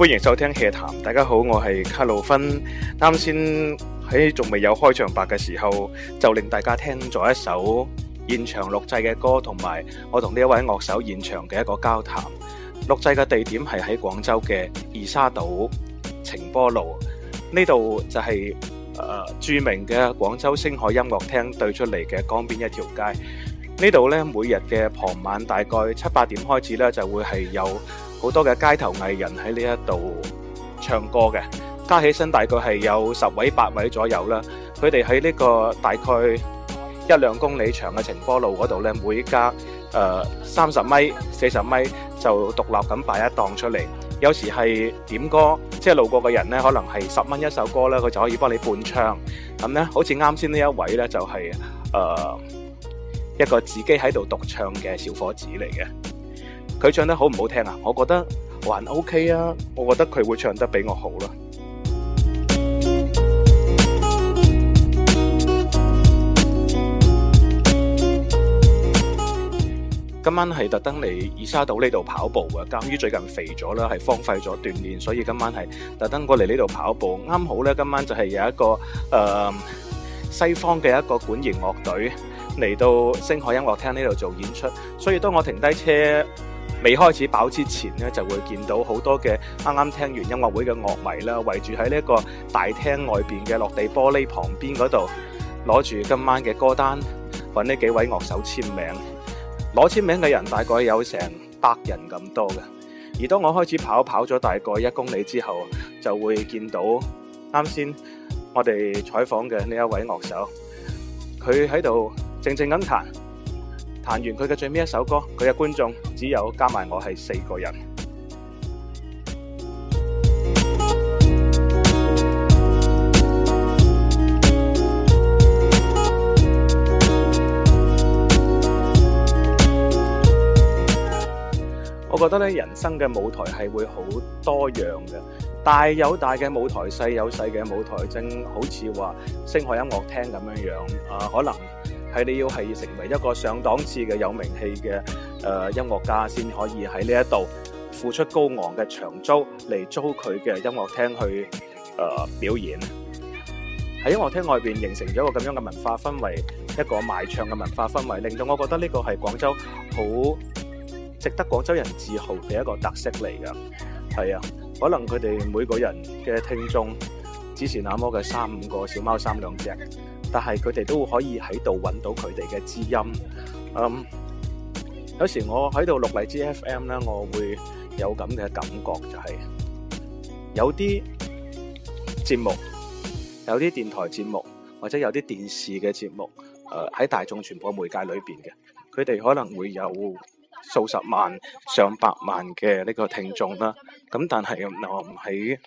歡迎收聽《器談》，大家好，我係卡路芬。啱先喺仲未有開場白嘅時候，就令大家聽咗一首現場錄製嘅歌，同埋我同呢一位樂手現場嘅一個交談。錄製嘅地點係喺廣州嘅二沙島晴波路，呢度就係、是、誒、呃、著名嘅廣州星海音樂廳對出嚟嘅江邊一條街。呢度呢，每日嘅傍晚大概七八點開始呢，就會係有。好多嘅街頭藝人喺呢一度唱歌嘅，加起身大概係有十位八位左右啦。佢哋喺呢個大概一兩公里長嘅晴波路嗰度呢，每隔誒三十米、四十米就獨立咁擺一檔出嚟。有時係點歌，即係路過嘅人呢，可能係十蚊一首歌呢，佢就可以幫你伴唱。咁呢，好似啱先呢一位呢，就係誒一個自己喺度獨唱嘅小伙子嚟嘅。佢唱得好唔好聽啊？我覺得還 OK 啊！我覺得佢會唱得比我好咯，啊。今晚係特登嚟二沙島呢度跑步嘅，鑑於最近肥咗啦，係荒廢咗鍛鍊，所以今晚係特登過嚟呢度跑步。啱好咧，今晚就係有一個誒、呃、西方嘅一個管弦樂隊嚟到星海音樂廳呢度做演出，所以當我停低車，未開始跑之前呢，就會見到好多嘅啱啱聽完音樂會嘅樂迷啦，圍住喺呢一個大廳外面嘅落地玻璃旁邊嗰度，攞住今晚嘅歌單，揾呢幾位樂手簽名。攞簽名嘅人大概有成百人咁多嘅。而當我開始跑跑咗大概一公里之後，就會見到啱先我哋採訪嘅呢一位樂手，佢喺度靜靜咁彈。彈完佢嘅最尾一首歌，佢嘅觀眾只有加埋我係四個人。 我覺得咧，人生嘅舞台係會好多樣嘅，大有大嘅舞台，細有細嘅舞台，正好似話星海音樂廳咁樣樣啊，呃，可能。係你要係成為一個上檔次嘅有名氣嘅誒音樂家，先可以喺呢一度付出高昂嘅長租嚟租佢嘅音樂廳去誒、呃、表演。喺音樂廳外邊形成咗一個咁樣嘅文化氛圍，一個賣唱嘅文化氛圍，令到我覺得呢個係廣州好值得廣州人自豪嘅一個特色嚟嘅。係啊，可能佢哋每個人嘅聽眾，只是那麼嘅三五個小貓三兩隻。但係佢哋都可以喺度揾到佢哋嘅知音。嗯、um,，有時我喺度錄荔枝 FM 咧，我會有咁嘅感覺，就係，就係有啲節目，有啲電台節目或者有啲電視嘅節目，誒喺大眾傳播媒介裏邊嘅，佢哋可能會有數十萬、上百萬嘅呢個聽眾啦。咁但係我唔係。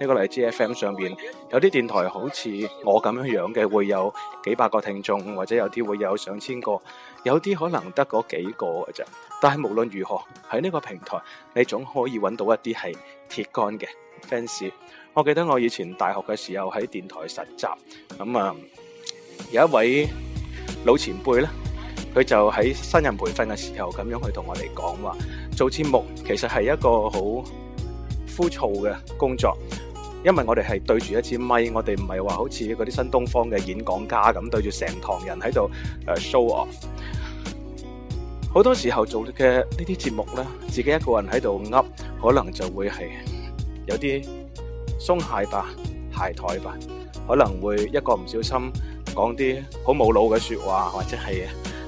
呢、這個荔枝 FM 上面，有啲電台好似我咁樣樣嘅，會有幾百個聽眾，或者有啲會有上千個，有啲可能得嗰幾個嘅啫。但係無論如何喺呢個平台，你總可以揾到一啲係鐵杆嘅 fans。我記得我以前大學嘅時候喺電台實習，咁啊有一位老前輩咧，佢就喺新人培訓嘅時候咁樣去同我哋講話，做節目其實係一個好枯燥嘅工作。因為我哋係對住一支咪，我哋唔係話好似嗰啲新東方嘅演講家咁對住成堂人喺度 show off。好多時候做嘅呢啲節目咧，自己一個人喺度噏，可能就會係有啲鬆懈吧、懈怠吧，可能會一個唔小心講啲好冇腦嘅說話，或者係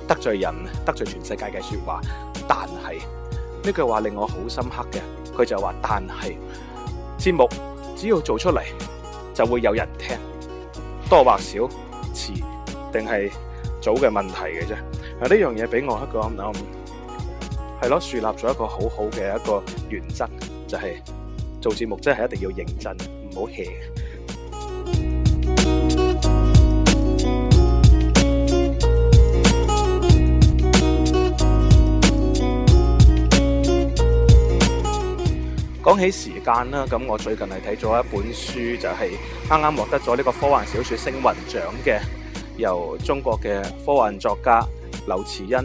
得罪人、得罪全世界嘅說話。但係呢句話令我好深刻嘅，佢就話：但係節目。只要做出嚟，就會有人聽，多或少，遲定係早嘅問題嘅啫。啊，呢樣嘢俾我一個諗諗，係、嗯、咯，樹立咗一個好好嘅一個原則，就係、是、做節目真係一定要認真，唔好 hea。起時間啦，咁我最近係睇咗一本書，就係啱啱獲得咗呢個科幻小說星雲獎嘅，由中國嘅科幻作家劉慈欣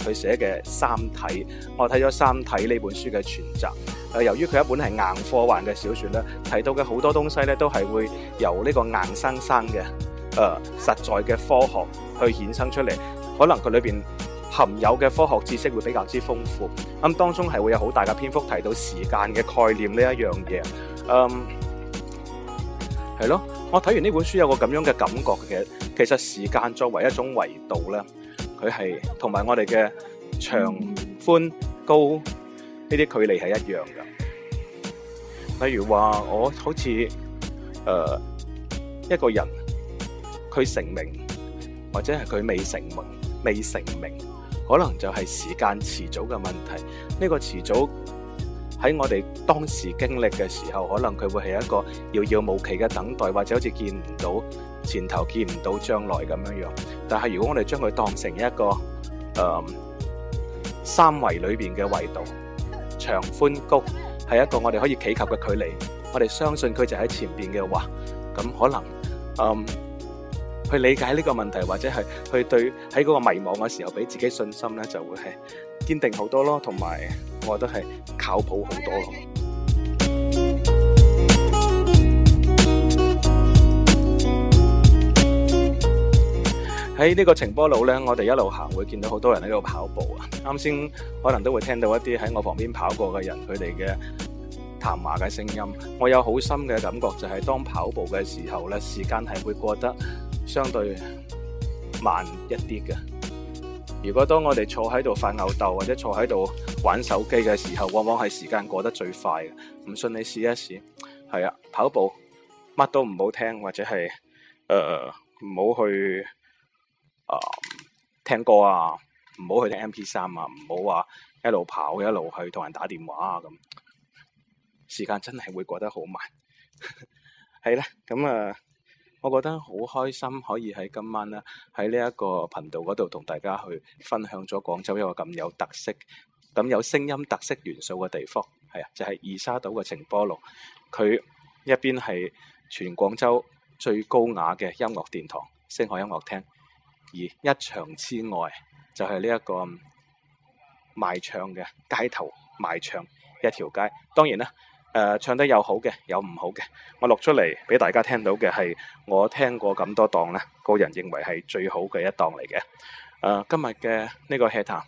佢寫嘅《三體》，我睇咗《三體》呢本書嘅全集。誒、呃，由於佢一本係硬科幻嘅小說咧，提到嘅好多東西咧，都係會由呢個硬生生嘅誒、呃、實在嘅科學去衍生出嚟，可能佢裏邊。含有嘅科學知識會比較之豐富，咁、嗯、當中係會有好大嘅篇幅提到時間嘅概念呢一樣嘢。嗯，係咯，我睇完呢本書有個咁樣嘅感覺嘅，其實時間作為一種維度咧，佢係同埋我哋嘅長、寬、高呢啲距離係一樣嘅。例如話，我好似誒、呃、一個人，佢成名或者係佢未成名、未成名。可能就係時間遲早嘅問題，呢、這個遲早喺我哋當時經歷嘅時候，可能佢會係一個遙遙無期嘅等待，或者好似見唔到前頭、見唔到將來咁樣樣。但係如果我哋將佢當成一個誒、嗯、三維裏邊嘅維度，長、寬、高係一個我哋可以企及嘅距離，我哋相信佢就喺前邊嘅話，咁、嗯、可能，嗯。去理解呢個問題，或者係去對喺嗰個迷茫嘅時候，俾自己信心呢就會係堅定好多咯。同埋，我覺得係靠譜好多咯。喺呢 個晴波路呢，我哋一路行會見到好多人喺度跑步啊。啱先可能都會聽到一啲喺我旁邊跑過嘅人佢哋嘅談話嘅聲音。我有好深嘅感覺，就係當跑步嘅時候呢時間係會覺得相對慢一啲嘅。如果當我哋坐喺度發吽斗或者坐喺度玩手機嘅時候，往往係時間過得最快嘅。唔信你試一試。係啊，跑步乜都唔好聽，或者係誒唔好去啊、呃、聽歌啊，唔好去聽 MP3 啊，唔好話一路跑一路去同人打電話啊咁，時間真係會過得好慢。係 啦，咁啊。呃我覺得好開心，可以喺今晚咧喺呢一個頻道嗰度同大家去分享咗廣州一個咁有特色、咁有聲音特色元素嘅地方，係啊，就係二沙島嘅晴波路。佢一邊係全廣州最高雅嘅音樂殿堂——星海音樂廳，而一牆之外就係呢一個賣唱嘅街頭賣唱一條街。當然啦。誒、呃，唱得有好嘅，有唔好嘅。我錄出嚟俾大家聽到嘅，係我聽過咁多檔咧，個人認為係最好嘅一檔嚟嘅。誒、呃，今日嘅呢個 hea 談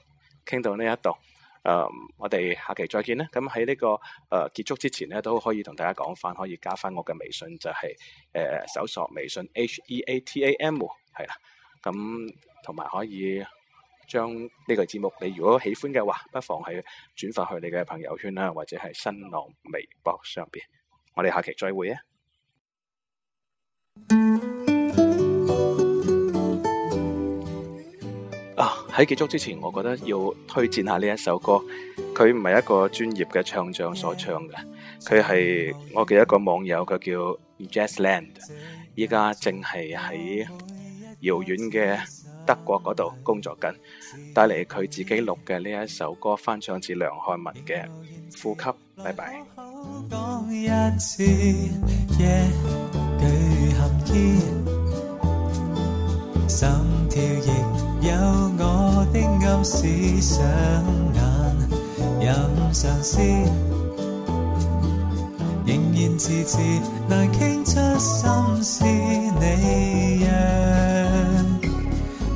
傾到呢一度，誒、呃，我哋下期再見啦。咁喺呢個誒、呃、結束之前咧，都可以同大家講翻，可以加翻我嘅微信，就係、是、誒、呃、搜索微信 h e a t a m 係啦。咁同埋可以。將呢個節目，你如果喜歡嘅話，不妨係轉發去你嘅朋友圈啦，或者係新浪微博上邊。我哋下期再會啊！啊，喺結束之前，我覺得要推薦下呢一首歌，佢唔係一個專業嘅唱將所唱嘅，佢係我嘅一個網友，佢叫 Jazzland，依家淨係喺遙遠嘅。德國嗰度工作緊，帶嚟佢自己錄嘅呢一首歌翻唱自梁漢文嘅《呼吸》，拜拜。